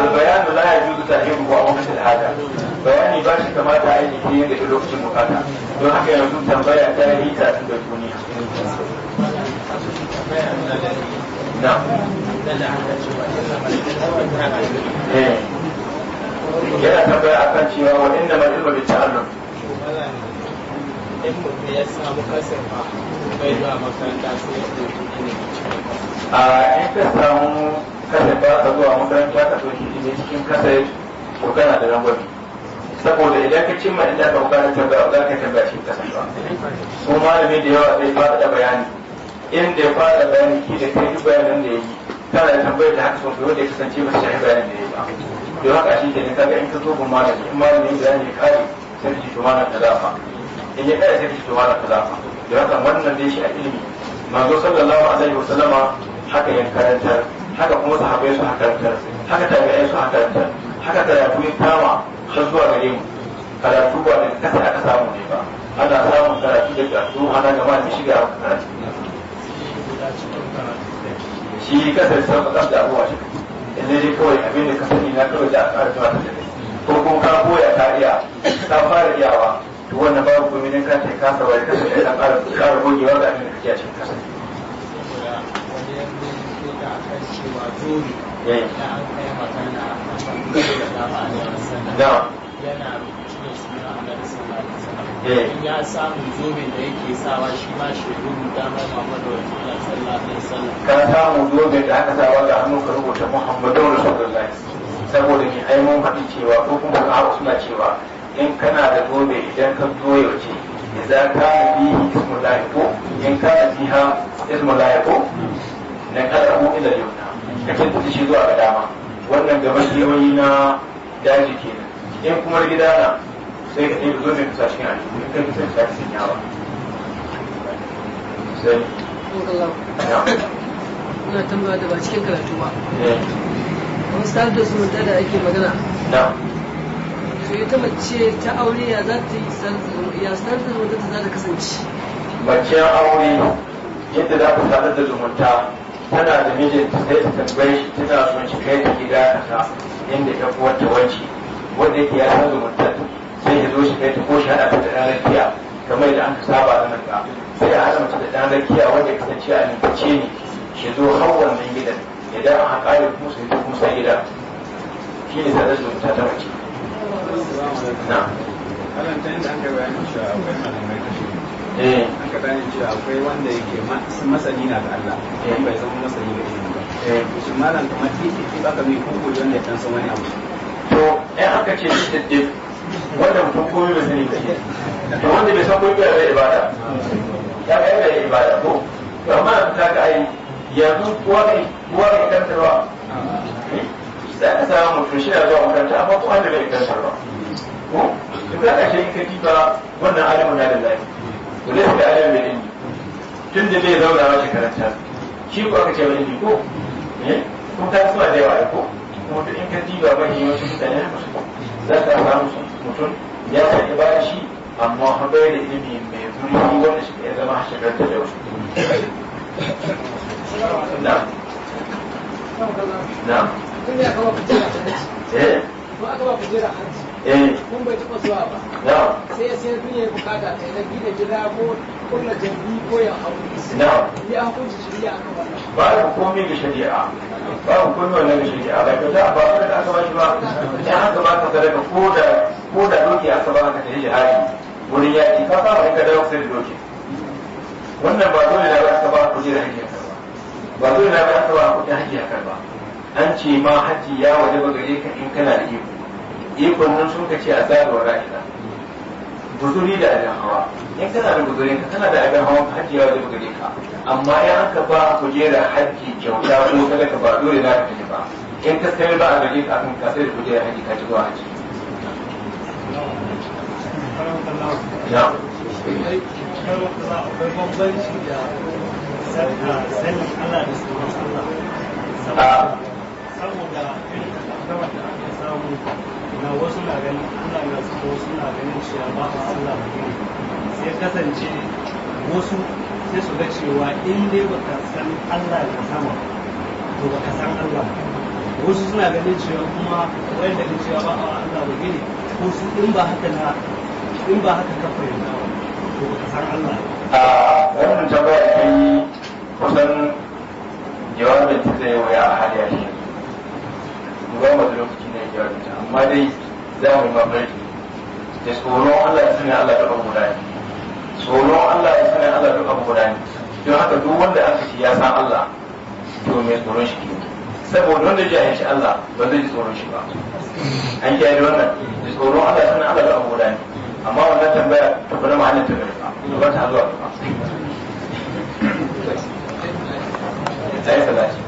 البيان لا يجوز تأخيره أو مثل الحاجة bayani ba shi kamata a yi fiye da lokacin bukata don haka yanzu tambaya ta yi ta su da duniya na yana tambaya akan cewa wa inna mal in mutum ya samu kasarfa bai zuwa makaranta sai ya ɗauki cikin a in ka samu kasarfa ka zuwa makaranta ka ɗauki ilimi cikin kasar ko kana da rangwami saboda idan ka cimma inda ka buƙatar tambaya za ka tambaya shi kasarfa ko malami da yawa zai faɗaɗa bayani inda ya fara bayani ki da kai duk bayanan da ya yi kana da tambayar da haka sun wanda ya kasance ba su shahi bayanin da ya yi ba don haka shi ke ne kaga in ka zo ba malami in malami da ya ne kare sai ji to malam da dama in ya kai sai ki tuwa da kaza da haka wannan dai shi a ilimi manzo sallallahu alaihi sallama haka yan karantar haka kuma sahabbai su karantar haka tabi'ai su karantar haka karatu ya kama har zuwa gare mu karatu ba da kasa aka samu ne ba ana samun karatu da karatu ana gama da shiga karatu shi kasar san kasar da abuwa shi inda dai kawai abin da ka sani na kawai da aka karatu ko kuma ka koya ka iya ka fara iyawa to wannan babu komai dan ka ka saba ka sai dan ƙara ƙara gogewa ga abin da kake a cikin kasa da yana eh. ya samu zobin da yake sawa shi ma shi rubuta ma Muhammadu Rasulullahi sallallahu alaihi wasallam ka samu zobin da aka sawa ga hannu ka rubuta Muhammadu Rasulullahi saboda ni ai mun faɗi cewa ko kuma ka suna cewa in kana da gobe idan ka zo ce idan ka bi ismu laifo in ka da fiha ismu laifo na kada mu ila yau ka ce shi zuwa ga dama wannan gaba kewayi na daji kenan in kuma gida na sai ka ɗaya zobe kusa cikin aljihu in ka fi shi ka cikin yawa sai ina tambaya da ba cikin karatu ba eh. wani sadar da zumunta da ake magana to ita mace ta aure ya za ta yi sanar da zumunta za ta kasance aure yadda za ta sanar da zumunta tana da mijinta sai ta tambaye shi tana son shi kai ta gida inda ta kuwanta wanda yake ya san zumuntar sai ya zo shi kai ta ko shi haɗa ta da ɗan kamar da aka saba da nan ka sai ya haɗa mace da ɗan rakiya wanda ya kasance a nimface ne shi zo har wannan gidan idan an haƙa da kusa ya kusa gida shi ne sanar da zumunta ta mace aka gane cewa akwai wanda yake masani na da Allah don bai zama masani da ilimi ba shi malam kamar titi ki baka mai kuku wanda ya san san wani abu to ɗan aka ce shi diddif wanda mutum koyo da sani da to wanda bai san koyo da ibada ya ga ibada ko to amma ta ga ai yanzu kowa ne kowa ne za ka samu mutum shi na zuwa makaranta amma kuma da bai karanta ba ko in za ka shi in ka diba wannan alimu na da lafi ko da suka alimu da ilimi tun da bai zauna wa shi karanta shi ko aka ce wa ilimi ko eh? kuma ta suna da yawa ko kuma duk in ka diba mai yawancin mutane haka su za ka samu mutum ya san ibada shi amma ha bai da ilimi mai zurfi wanda shi ya zama shagarta da wasu na'am na'am tun da eh? aka ba kujera hanci ko eh. aka ba kujera hanci kun bai taɓa zuwa ba sai ya sayar duniya ya bukata ta yana gina gida ko kulla jambi ko ya hau ya hukunci shari'a aka wannan ba ya komai ga shari'a ba ya komai wannan ga shari'a ba ka za a ba ka da aka ba shi ba idan aka ba ka sadaka ko da ko da doki aka ba ka tafi jihadi wurin yaƙi ka fara ka dawo sai doki wannan ba dole da aka ba kujera hanci ba ba dole da aka ba kujera hanci ba an ce ma hajji ya waje ba gare ka in kana da iko ikon nan sun ka ce a tsarin ra'ida guzuri da abin hawa in kana da guzuri ka kana da abin hawa hajji ya waje ba gare ka amma in aka ba a kujera hajji kyauta ko kada ka ba dole na ka ba in ka sai ba a gare ka kan ka sayar kujera hajji ka ci zuwa haji. Ya. akwai saboda akwai da ake samu na wasu na ganin na suna ganin ba Allah ne sai kasance wasu sai su ga cewa in dai baka san Allah sama to baka san Allah wasu suna ganin cewa kuma da cewa ba a Allah ba ko su in ba haka na in ba haka ka fahimta to baka san Allah a wannan tambaya kusan jawabin zai waya a ba mu da lokaci na gyara ta amma dai za mu mafarki da tsoron Allah ya sani Allah da Allah ya sani Allah da babu don haka duk wanda aka ci ya san Allah to mai tsoron shi ne saboda wanda ya ci Allah ba zai ji tsoron shi ba an kiyaye wannan da tsoron Allah ya sani Allah da babu amma wannan tambaya ta bari ma'anar ta bari ba ta zuwa ba sai salati